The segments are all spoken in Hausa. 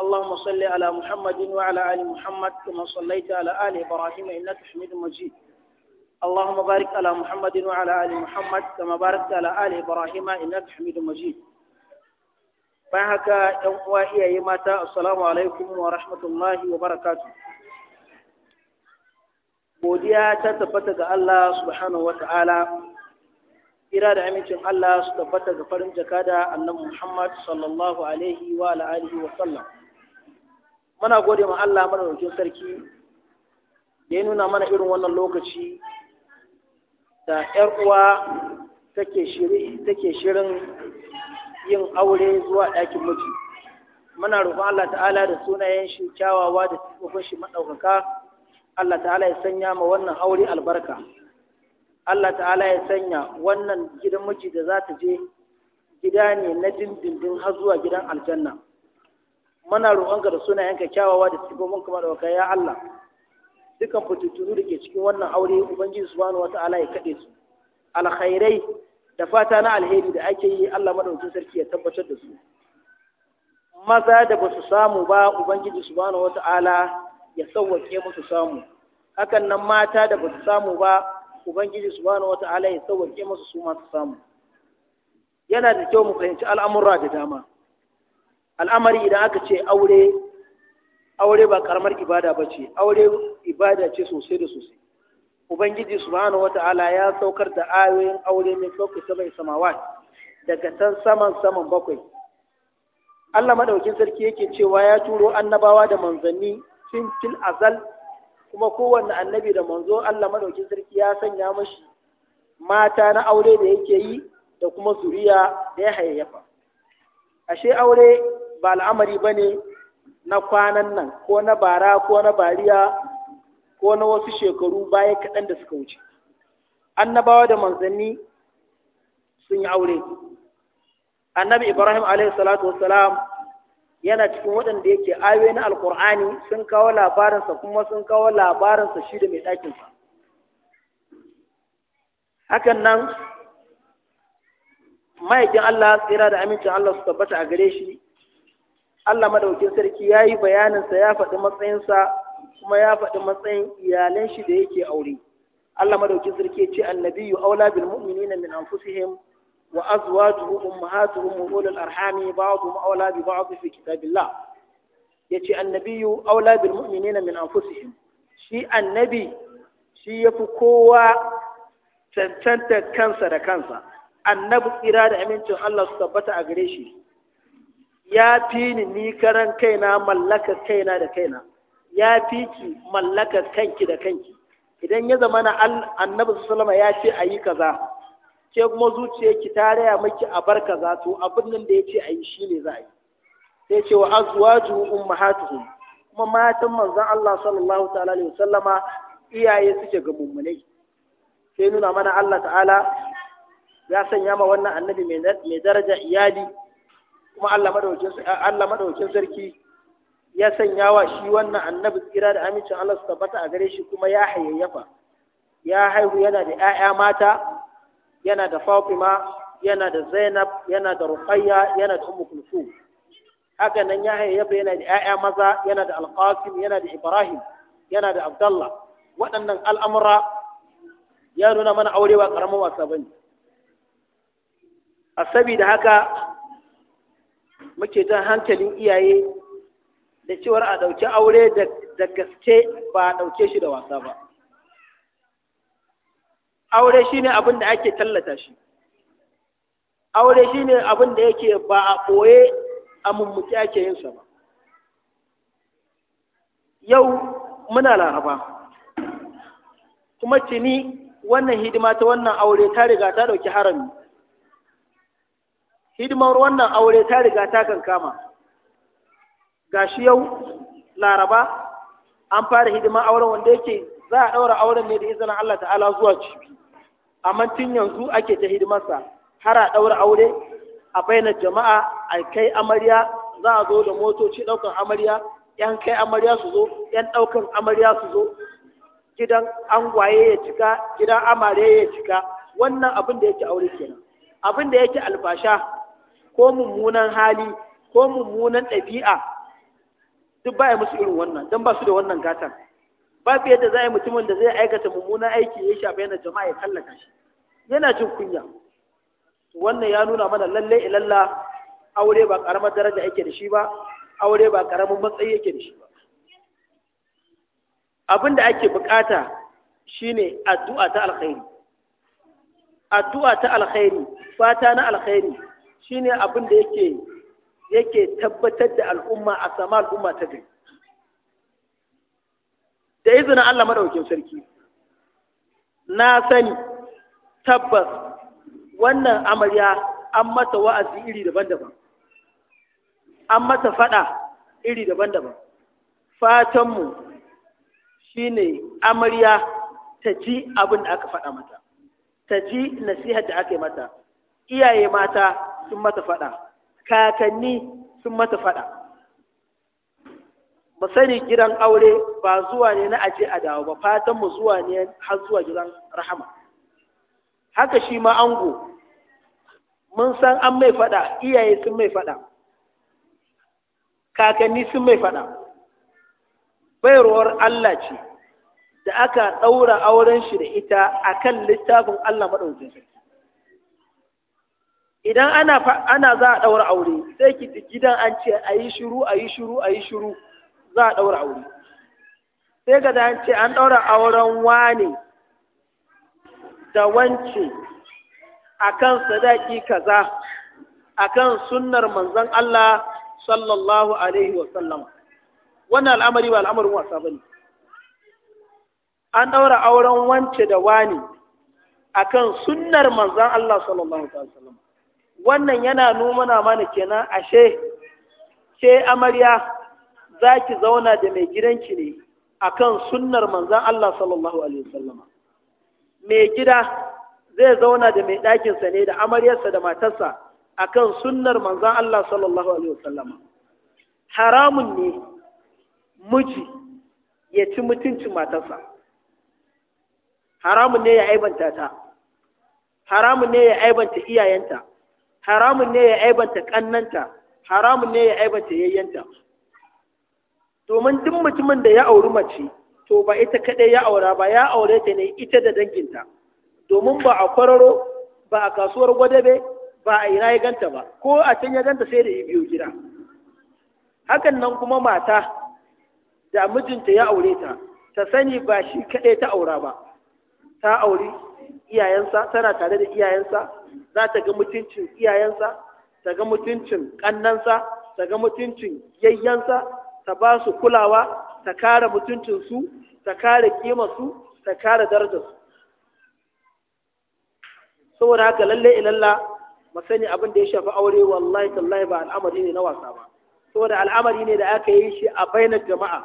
اللهم صل على محمد وعلى آل محمد كما صليت على آل إبراهيم إنك حميد مجيد اللهم بارك على محمد وعلى آل محمد كما باركت على آل إبراهيم إنك حميد مجيد بحكا يوم إيه ماتا السلام عليكم ورحمة الله وبركاته godiya ta tabbata ga Allah subhanahu wa ta'ala ira da amincin Allah su tabbata ga farin jaka da annabi Muhammad sallallahu alaihi wa alihi wa sallam muna gode ma Allah mana madaukakin sarki da ya nuna mana irin wannan lokaci da ‘yar uwa take shirin yin aure zuwa ɗakin miji. Muna roƙon Allah ta'ala da sunayen shi kyawawa da tsofaffin shi maɗaukaka, Allah ta'ala ya sanya ma wannan aure albarka. Allah ta'ala ya sanya wannan gidan miji da za ta je gida ne na dindindin har zuwa gidan aljanna. muna roƙonka da sunayenka kyawawa da sifofin kamar da ya Allah dukan fitattunu da ke cikin wannan aure ubangiji subhanahu wata'ala ya kaɗe su alkhairai da fata na alheri da ake yi Allah madaukakin sarki ya tabbatar da su maza da ba su samu ba ubangiji subhanahu wata'ala ya sauwake musu samu hakan nan mata da ba su samu ba ubangiji subhanahu wata'ala ya sauwake musu su masu samu yana da kyau mu fahimci al'amura da dama al'amari idan aka ce aure aure ba karamar ibada ba ce aure ibada ce sosai da sosai ubangiji subhanahu wata'ala ya saukar da ayoyin aure mai sauƙi ta bai samawa daga tan saman saman bakwai Allah Maɗaukin sarki yake cewa ya turo annabawa da manzanni tun fil azal kuma kowanne annabi da manzo Allah Maɗaukin sarki ya sanya mashi mata na aure da yake yi da kuma zuriya da ya hayayyafa ashe aure ba al'amari ba ne na kwanan nan ko na bara ko na bariya ko na wasu shekaru baya kaɗan da suka wuce annabawa da manzanni sun yi aure annabi ibrahim alaihi salatu wassalam yana cikin waɗanda yake aye na alkur'ani sun kawo labarinsa kuma sun kawo labarinsa shi da mai ɗakinsa hakan nan ma'aikin allah tsira da amincin allah su tabbata a gare shi Allah madaukin sarki ya yi bayaninsa ya faɗi matsayinsa kuma ya faɗi matsayin iyalan shi da yake aure Allah madaukin sarki ya ce annabiyu aula bil mu'minina min anfusihim wa azwajuhu ummahatuhum wa ulul arhami ba'dhum aula bi ba'd fi kitabillah yace annabiyu aula bil mu'minina min anfusihim shi annabi shi yafi kowa cancanta kansa da kansa annabi tsira da amincin Allah su tabbata a gare shi ya fi ni ni karan kaina mallaka kaina da kaina ya fi ki mallaka kanki da kanki idan ya zama na annabi sallama ya ce a yi kaza ke kuma ki ta raya miki a bar kaza to abin nan da ya ce a yi shi ne za a yi sai ce wa azwaju ummahatuhum kuma matan manzon Allah sallallahu ta'ala alaihi wasallama iyaye suke ga mummunai sai nuna mana Allah ta'ala ya sanya ma wannan annabi mai daraja iyali kuma Allah madaukin sarki ya sanya wa shi wannan annabi tsira da amincin Allah su tabbata a gare shi kuma ya hayayyafa ya haihu yana da 'ya'ya mata yana da Fatima yana da Zainab yana da Ruqayya yana da Ummu Kulsum haka nan ya hayayyafa yana da 'ya'ya maza yana da Al-Qasim yana da Ibrahim yana da Abdullah waɗannan al'amura ya nuna mana aurewa karamin wasa bane a sabida haka muke jan hankalin iyaye da cewar a ɗauki aure da gaske ba a ɗauke shi da wasa ba aure shine abin da ake tallata shi aure shine abin da yake ba a ɓoye a mummuki ake yin sa ba yau muna laraba kuma tuni wannan hidima ta wannan aure ta riga ta ɗauki harami hidimar wannan aure ta riga ta kankama Ga shi yau laraba an fara hidimar auren wanda yake za a ɗaura auren ne da izinin Allah ta'ala zuwa cibi amma tun yanzu ake ta hidimarsa har a ɗaura aure a bayyana jama'a a kai amarya za a zo da motoci ɗaukan amarya yan kai amarya su zo yan ɗaukan amarya su zo gidan angwaye ya cika gidan amare ya cika wannan abin da yake aure kenan abin da yake albasha ko mummunan hali ko mummunan ɗabi'a duk baya musu irin wannan don ba su da wannan gatan fiye da za a yi mutumin da zai aikata mummunan aiki ya shafa yana jama'a ya tallaka shi yana jin kunya wannan ya nuna mana lalle ilalla aure ba karamar daraja yake da shi ba aure ba karamin matsayi yake da shi ba abin da ake bukata shine addu'a ta alkhairi addu'a ta alkhairi fata na alkhairi Shi ne abin da yake tabbatar da al'umma a sama al'umma ta gari da izinin Allah madaukakin sarki na sani tabbas wannan amarya an mata wa'azi iri daban-daban an mata faɗa iri daban-daban fatanmu shi ne amarya ta ji abin da aka faɗa mata ta ji nasihar da aka yi mata iyaye mata sun mata fada kakanni sun mata fada ba sani gidan aure ba zuwa ne na aje a dawo ba fatan mu zuwa ne har zuwa gidan rahama haka shi ma ango mun san an mai fada iyaye sun mai fada kakanni sun mai fada bayarwar Allah ce da aka ɗaura auren shi da ita akan littafin Allah maɗaukin sarki idan ana ana za a ɗaura aure sai ki gidan an ce a yi shiru a yi shiru a yi shiru za a ɗaura aure sai ga an ce an ɗaura auren wane da wance akan sadaki kaza akan sunnar manzon Allah sallallahu alaihi wa sallam wannan al'amari ba al'amarin wasa bane an ɗaura auren wance da wani akan sunnar manzon Allah sallallahu alaihi wa sallam wannan yana numana mana kenan ashe ke amarya za ki zauna da mai gidanki ne akan sunnar manzan Allah sallallahu alaihi wasallama mai gida zai zauna da mai ɗakinsa ne da amaryarsa da matarsa akan sunnar manzan Allah sallallahu alaihi wasallama haramun ne miji ya ci mutuncin matarsa haramun ne ya aibanta ta haramun ne ya aibanta iyayenta haramun ne ya aibanta kannanta haramun ne ya aibanta yayyanta domin duk mutumin da ya auri mace to ba ita kaɗai ya aura ba ya aure ta ne ita da danginta domin ba a kwararo ba a kasuwar gwadabe ba a ina ya ganta ba ko a can ya ganta sai da ya biyo gida hakan nan kuma mata da mijinta ya aure ta ta sani ba shi kaɗai ta aura ba ta auri iyayensa tana tare da iyayensa za ta ga mutuncin iyayensa ta ga mutuncin ƙannansa ta ga mutuncin yayyansa ta ba su kulawa ta kare mutuncinsu ta kare kimarsu ta kare darajarsu saboda haka lalle ilalla mu sani abin da ya shafi aure wallahi tallahi ba al'amari ne na wasa ba saboda al'amari ne da aka yi shi a bainar jama'a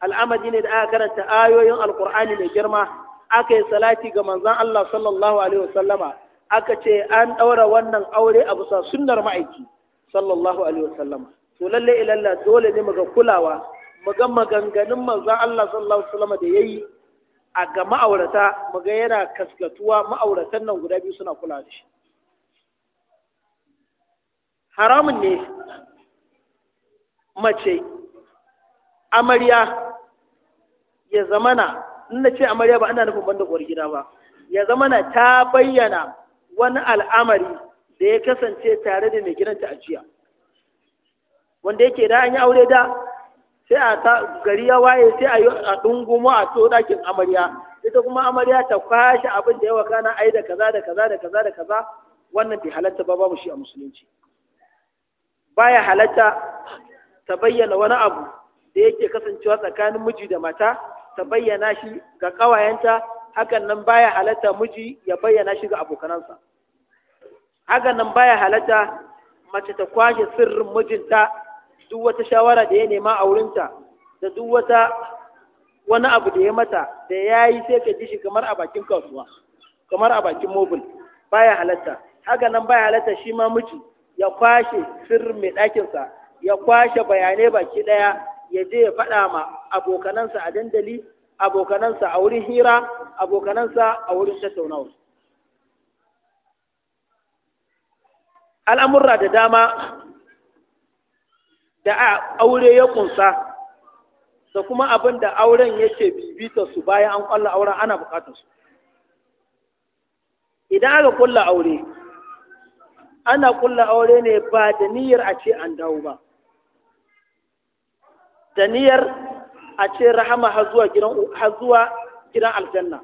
al'amari ne da aka karanta ayoyin alkur'ani mai girma aka yi salati ga manzon Allah sallallahu alaihi wasallama aka ce an ɗaura wannan aure a bisa sunnar ma'aiki sallallahu alaihi wasallam to lalle ilalla dole ne muga kulawa muga maganganun manzon Allah sallallahu alaihi wasallam da yayi a ga ma'aurata muga yana kaskatuwa ma'auratan nan guda biyu suna kula da shi haramun ne mace amarya ya zamana in na ce amarya ba ana nufin banda gwargida gida ba ya zamana ta bayyana wani al'amari da ya kasance tare da mai gidanta a jiya wanda yake da an yi aure da sai a ta gari ya waye sai a yi a to dakin amarya ita kuma amarya ta kwashe abin da yawa kana ai da kaza da kaza da kaza da kaza wannan bai halatta ba babu shi a musulunci baya halatta ta bayyana wani abu da yake kasancewa tsakanin miji da mata ta bayyana shi ga ƙawayenta. hakan nan baya halatta miji ya bayyana shi ga abokanansa hakan nan baya halatta mace ta kwashe sirrin mijinta duk wata shawara da ya nema a wurinta da duk wata wani abu da ya mata da ya yi sai ka ji shi kamar a bakin kasuwa kamar a bakin mobil baya halatta haka nan baya halatta shi ma miji ya kwashe sirrin mai ɗakinsa ya kwashe bayanai baki ɗaya ya je ya faɗa ma abokanansa a dandali abokanansa a wurin hira abokanansa a wurin tattaunawa al'amurra da dama da aure ya kunsa da kuma abin da auren yake bibita su bayan an kwallo auren ana bukatar su idan aka kulla aure ana kulla aure ne ba da niyyar a ce an dawo ba da niyyar a ce rahama har zuwa gidan har zuwa gidan aljanna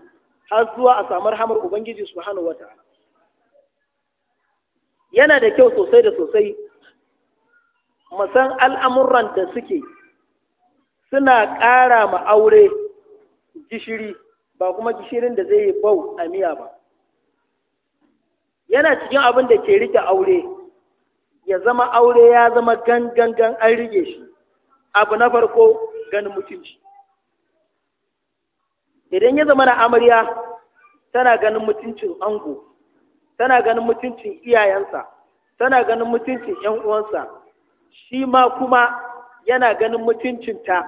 har zuwa a samu rahamar ubangiji subhanahu wata'ala yana da kyau sosai da sosai musan al'amuran da suke suna ƙara ma aure gishiri ba kuma gishirin da zai yi bau a miya ba yana cikin abin da ke rike aure ya zama aure ya zama gangan an rike shi abu na farko ganin mutunci idan ya zama na amarya tana ganin mutuncin ango tana ganin mutuncin iyayensa tana ganin mutuncin yan uwansa shi ma kuma yana ganin mutuncinta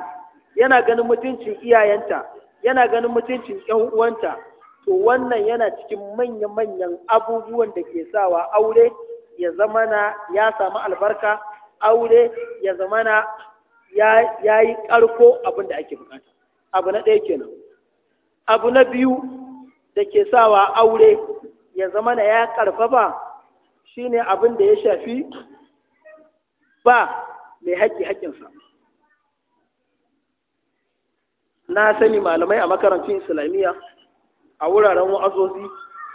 yana ganin mutuncin iyayenta yana ganin mutuncin yan uwanta to wannan yana cikin manya-manyan abubuwan da ke sawa aure ya na ya samu albarka aure ya zama na. ya yi ƙarko abin da ake bukata abu na ɗaya kenan abu na biyu da ke sawa aure ya zama na ya ƙarfafa shine abin da ya shafi ba mai haƙƙi haƙƙinsa na sani malamai a makarantun islamiyya a wuraren wa'azozi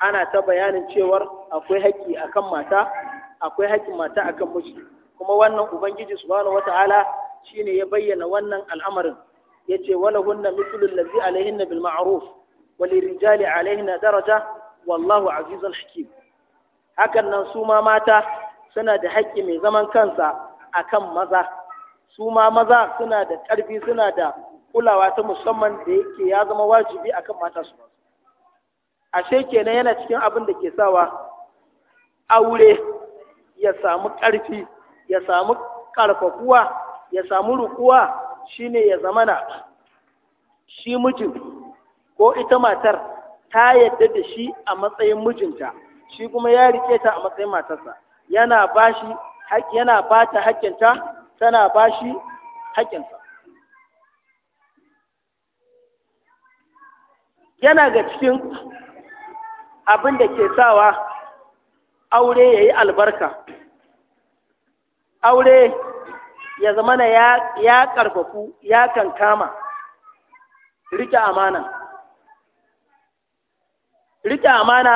ana ta bayanin cewar akwai haƙƙi akan mata akwai haƙƙin mata akan miji kuma wannan ubangiji subhanahu wata'ala shine ya bayyana wannan al'amarin yace wala hunna mithlul ladzi alaihinna bil ma'ruf wal rijali alaihinna daraja wallahu azizun hakim hakan nan su ma mata suna da haƙƙi mai zaman kansa akan maza su ma maza suna da ƙarfi suna da kulawa ta musamman da yake ya zama wajibi akan mata su ashe kenan yana cikin abin da ke sawa aure ya samu ƙarfi ya samu ƙarfafuwa ya samu rukuwa shine ya zamana shi mijin ko ita matar ta yadda da shi a matsayin mijinta shi kuma ya rike ta a matsayin matarsa yana ba shi yana ba ta haƙƙinta tana ba shi haƙƙinsa yana ga cikin abin da ke sawa aure ya yi albarka aure ya zama na ya ƙarfafu ya kankama rike amana rike amana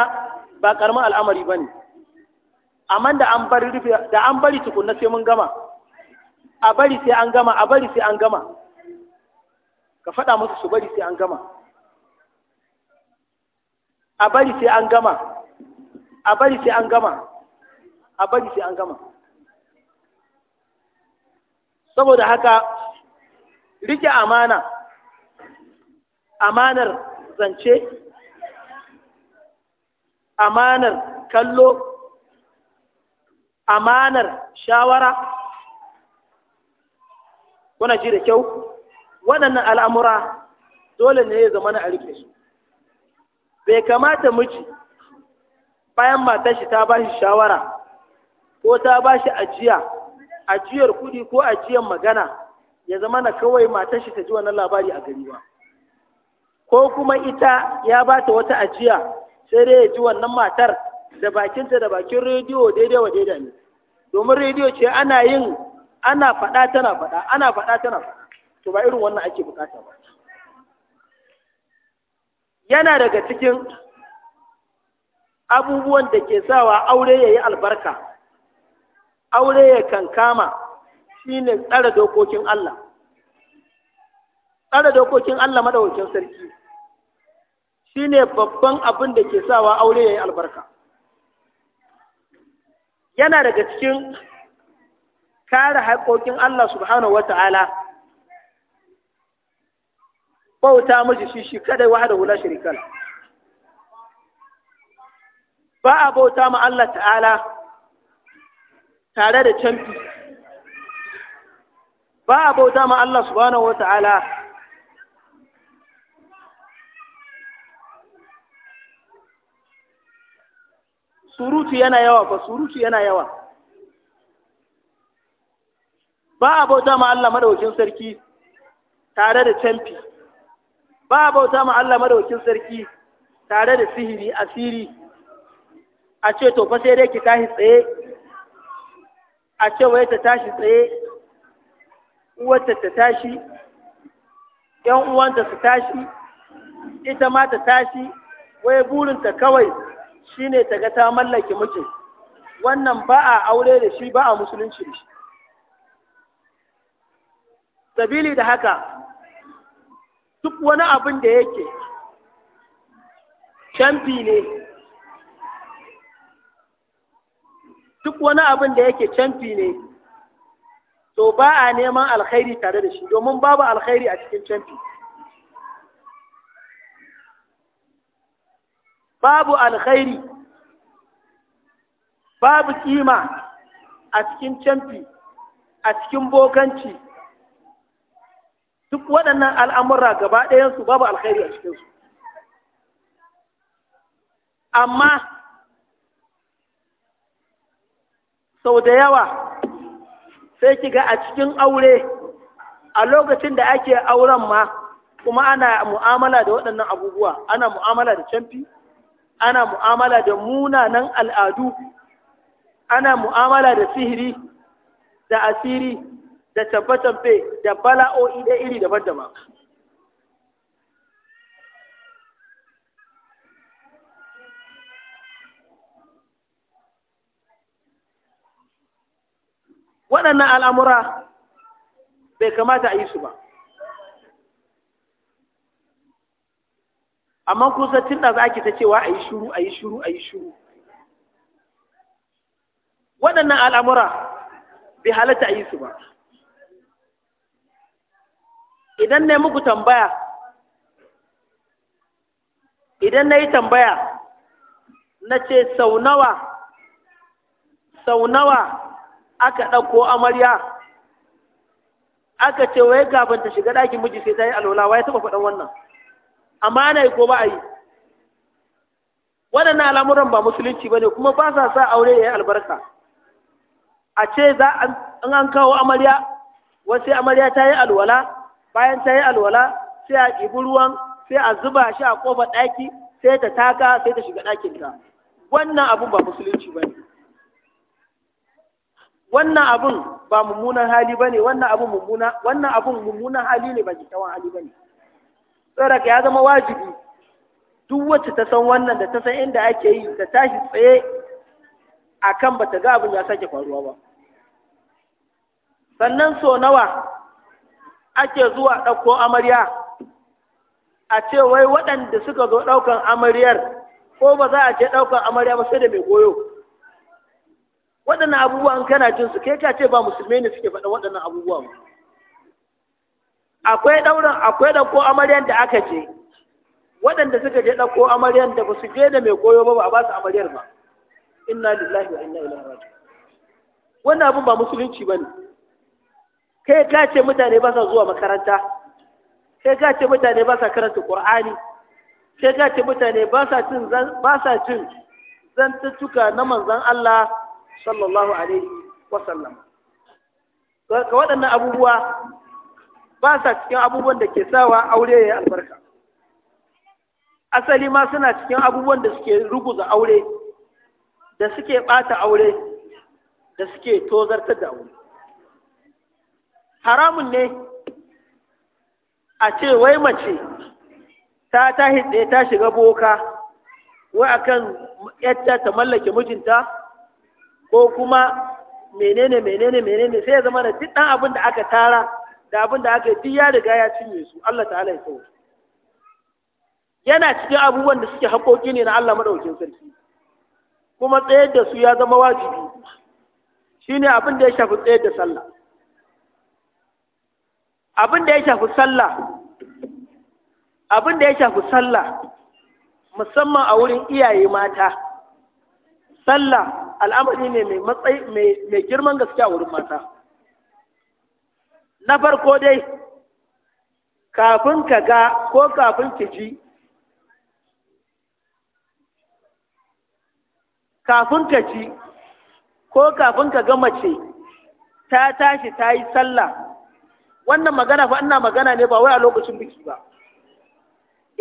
ba ƙaramin al'amari ba ne amma da an bari rufe tukunna sai mun gama a bari sai an gama a bari sai an gama ka faɗa musu su bari sai an gama a bari sai an gama a bari sai an gama a bari sai an gama saboda haka rike amana amanar zance amanar kallo amanar shawara kuna ji da kyau waɗannan al'amura dole ne ya zama na a rike su bai kamata miji bayan matashi ta ba shi shawara ko ta ba shi ajiya ajiyar kuɗi ko ajiyar magana ya zama na kawai matar shi ta ji wannan labari a gari ba ko kuma ita ya ba ta wata ajiya sai dai ya ji wannan matar da bakinta da bakin rediyo daidai wa daidai ne domin rediyo ce ana yin ana faɗa tana faɗa ana faɗa tana faɗa to ba irin wannan ake bukata ba yana daga cikin abubuwan da ke sawa aure ya yi albarka aure ya kankama shine tsara dokokin Allah tsara dokokin Allah madawacin sarki shine babban abin da ke sawa aure ya yi albarka yana daga cikin kare haƙoƙin Allah subhanahu ta'ala. bauta miji shi shi kadai wahada wula shirikan. ba a bauta ma Allah ta'ala tare da canfi ba a bauta ma Allah subhanahu wa ta'ala surutu yana yawa ba surutu yana yawa ba a bauta ma Allah madaukin sarki tare da canfi ba a bauta ma Allah madaukin sarki tare da sihiri asiri a ce to fa sai dai ki tahi tsaye a ce wai ta tashi tsaye uwarta ta tashi ‘yan uwanta su tashi ita ma ta tashi wai burinta kawai shine ta ga ta mallake mijin wannan ba a aure da shi ba a musulunci da shi sabili da haka duk wani abin da yake canfi ne duk wani abin da yake canfi ne to ba a neman alkhairi tare da shi domin babu alkhairi a cikin canfi babu alkhairi babu kima a cikin canfi a cikin bokanci duk waɗannan al'amura gaba ɗayansu babu alkhairi a cikinsu amma sau da yawa sai ki ga a cikin aure a lokacin da ake auren ma kuma ana mu'amala da waɗannan abubuwa ana mu'amala da canfi ana mu'amala da munanan al'adu ana mu'amala da sihiri da asiri da tabbatar da bala'o'i da iri daban-daban waɗannan al'amura bai kamata a yi su ba amma kusa tun da za ki ta cewa a yi shuru a yi shuru a yi shuru waɗannan al'amura bai halatta a yi su ba idan na yi muku tambaya idan na yi tambaya na ce sau nawa sau nawa aka ɗauko amarya aka ce wai kafin ta shiga ɗakin miji sai ta yi alwala wai taɓa faɗan wannan amma ana yi ko ba a yi waɗannan al'amuran ba musulunci ba ne kuma ba sa sa aure ya yi albarka a ce za an an kawo amarya wasu amarya ta yi alwala bayan ta yi alwala sai a ɗibi ruwan sai a zuba shi a ƙofar ɗaki sai ta taka sai ta shiga ɗakinta wannan abun ba musulunci ba ne wannan abun ba mummunan hali bane wannan abun mummuna wannan abun mummunan hali ne ba kyakkyawan hali bane saboda ya zama wajibi duk wacce ta san wannan da ta san inda ake yi ta tashi tsaye akan ta ga abin ya sake faruwa ba sannan so nawa ake zuwa ɗauko amarya a ce wai waɗanda suka zo ɗaukan amaryar ko ba za a ce ɗaukan amarya ba sai da mai goyo waɗannan abubuwan kana jin su kai ka ce ba musulmai ne suke faɗa waɗannan abubuwan akwai ɗaurin akwai ɗauko amaryan da aka je waɗanda suka je ɗauko amaryan da ba su je da mai koyo ba ba a ba su amaryar ba inna lillahi wa inna ilaihi raji'un wannan abin ba musulunci ba ne kai ka ce mutane ba sa zuwa makaranta kai ka ce mutane ba sa karanta qur'ani kai ka ce mutane ba sa cin ba sa cin zantuttuka na manzon Allah sallallahu alaihi wasallam ka waɗannan abubuwa ba sa cikin abubuwan da ke sawa aure ya albarka asali ma suna cikin abubuwan da suke ruguza aure da suke ɓata aure da suke tozartar da aure haramun ne a ce wai mace ta tahi ɗaya ta shiga boka wai akan yadda ta mallake mijinta ko kuma menene menene menene sai ya zama da duk ɗan abin da aka tara da abin da aka yi duk ya riga ya cinye su Allah ta'ala ya so. yana cikin abubuwan da suke haƙoƙi ne na Allah madaukin sarki kuma tsayar da su ya zama wajibi shine abin da ya shafi tsayar da sallah abin da ya shafi sallah abin da ya shafi sallah musamman a wurin iyaye mata sallah al'amari ne mai matsayi mai girman gaskiya wurin mata na farko dai kafin ka ga ko kafin ki ji kafin ka ji ko kafin ka ga mace ta tashi ta yi sallah wannan magana fa ina magana ne ba wai a lokacin biki ba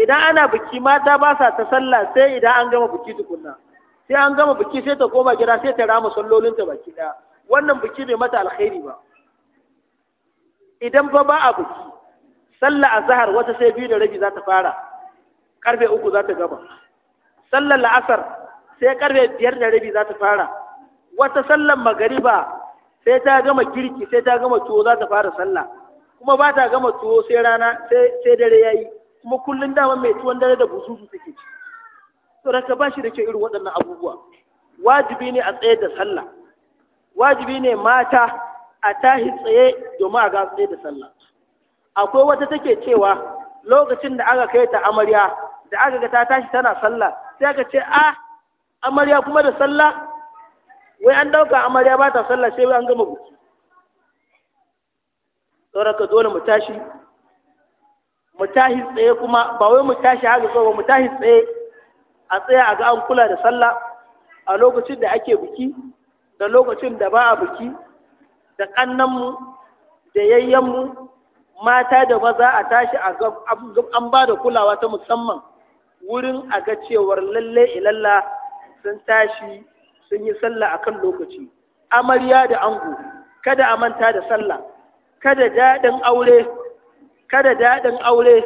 idan ana biki mata ba sa ta sallah sai idan an gama biki tukunna sai an gama biki sai ta koma gida sai ta rama sallolinta baki daya wannan biki bai mata alkhairi ba idan ba ba a biki sallah azhar wata sai biyu da rabi za ta fara karfe uku za ta gama sallar la'asar sai karfe biyar da rabi za ta fara wata sallar magariba sai ta gama girki sai ta gama tuwo za ta fara sallah kuma ba ta gama tuwo sai rana sai dare yayi kuma kullun dama mai tuwon dare da buzuzu take ci raka ba shi da ke irin waɗannan abubuwa wajibi ne a tsaye da sallah wajibi ne mata a tahi tsaye domin a ga tsaye da sallah akwai wata take cewa lokacin da aka kai ta amarya da aka ga ta tashi tana sallah sai aka ce a amarya kuma da sallah wai an dauka amarya ba ta sallah sai an gama buki sauraka dole mu tashi mu tashi tsaye kuma ba wai mu tashi haka so ba mu tashi tsaye a tsaya a ga an kula da sallah a lokacin da ake biki da lokacin da ba a biki da ƙannanmu da yayyanmu mata da maza a tashi a ga an ba da kulawa ta musamman wurin a ga cewar lalle ilalla sun tashi sun yi sallah kan lokaci amarya da ango kada a manta da sallah kada daɗin aure kada daɗin aure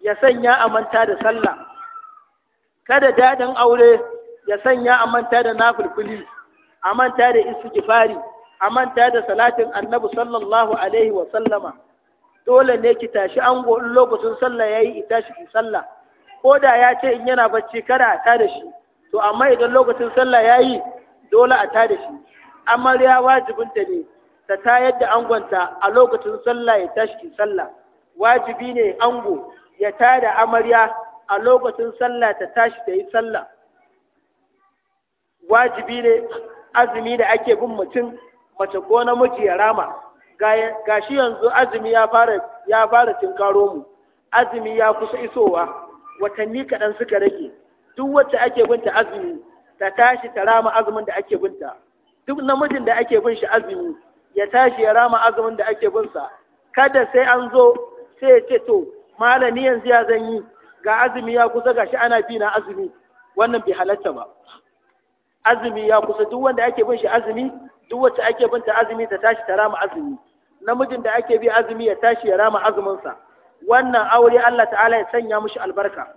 ya sanya a manta da sallah kada dadin aure ya sanya a manta da nafulfuli a manta da istighfari a manta da salatin annabi sallallahu alaihi wa sallama dole ne ki tashi ango in lokacin sallah yayi ita shi sallah ko da ya ce in yana bacci kada a tada shi to amma idan lokacin sallah yayi dole a tada shi amarya wajibinta ne ta tayar da angonta a lokacin sallah ya tashi sallah wajibi ne ango ya tada amarya a lokacin sallah ta tashi ta yi sallah wajibi ne azumi da ake bin mutum mace ko namiji ya rama ga shi yanzu azumi ya fara ya fara mu azumi ya kusa isowa watanni kaɗan suka rage duk wacce ake binta azumi ta tashi ta rama azumin da ake binta duk namijin da ake bin shi azumi ya tashi ya rama azumin da ake binsa kada sai an zo sai ya ce to malami yanzu ya zan yi ga azumi ya kusa gashi ana bi na azumi wannan bai halatta ba azumi ya kusa duk wanda ake bin shi azumi duk wacce ake bin ta azumi ta tashi ta rama azumi namijin da ake bi azumi ya tashi ya rama azuminsa. sa wannan aure Allah ta'ala ya sanya mushi albarka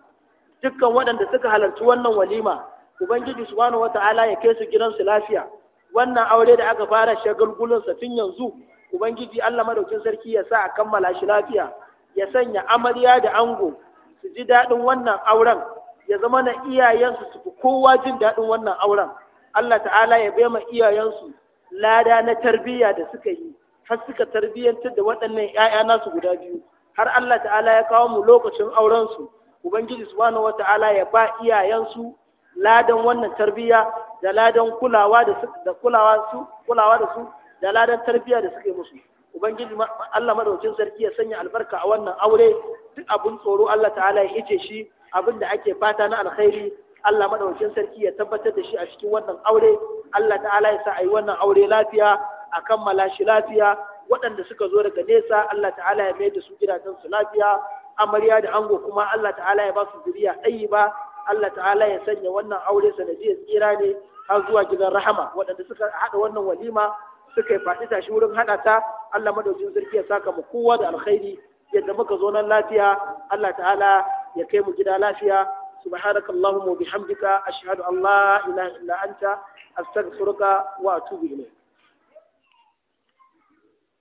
dukkan waɗanda suka halarci wannan walima ubangiji subhanahu wata'ala ya kai su gidan su lafiya wannan aure da aka fara shagulgulun sa tun yanzu ubangiji Allah madaukin sarki ya sa a kammala shi lafiya ya sanya amarya da ango su ji daɗin wannan auren ya zama na iyayensu su fi kowa jin daɗin wannan auren Allah ta'ala ya bai ma iyayensu lada na tarbiyya da suka yi har suka tarbiyyantar da waɗannan 'ya'ya nasu guda biyu har Allah ta'ala ya kawo mu lokacin aurensu ubangiji subhanahu wata'ala ya ba iyayensu ladan wannan tarbiyya da ladan kulawa da su da kulawa su kulawa da su da ladan tarbiyya da suke musu ubangiji Allah madaukakin sarki ya sanya albarka a wannan aure duk abun tsoro Allah ta'ala ya ije shi abin da ake fata na alkhairi Allah madaukakin sarki ya tabbatar da shi a cikin wannan aure Allah ta'ala ya sa a yi wannan aure lafiya a kammala shi lafiya waɗanda suka zo daga nesa Allah ta'ala ya mai da su gidajen su lafiya amarya da ango kuma Allah ta'ala ya ba su zuriya ba Allah ta'ala ya sanya wannan aure sanadiyar tsira ne har zuwa gidan rahama waɗanda suka haɗa wannan walima suka yi faɗi tashi wurin haɗa ta Allah madaukakin sarki ya saka mu kowa da alkhairi yadda muka zo nan lafiya Allah ta'ala ya kai mu gida lafiya subhanaka allahumma bihamdika ashhadu an la ilaha illa anta astaghfiruka wa atubu ilayk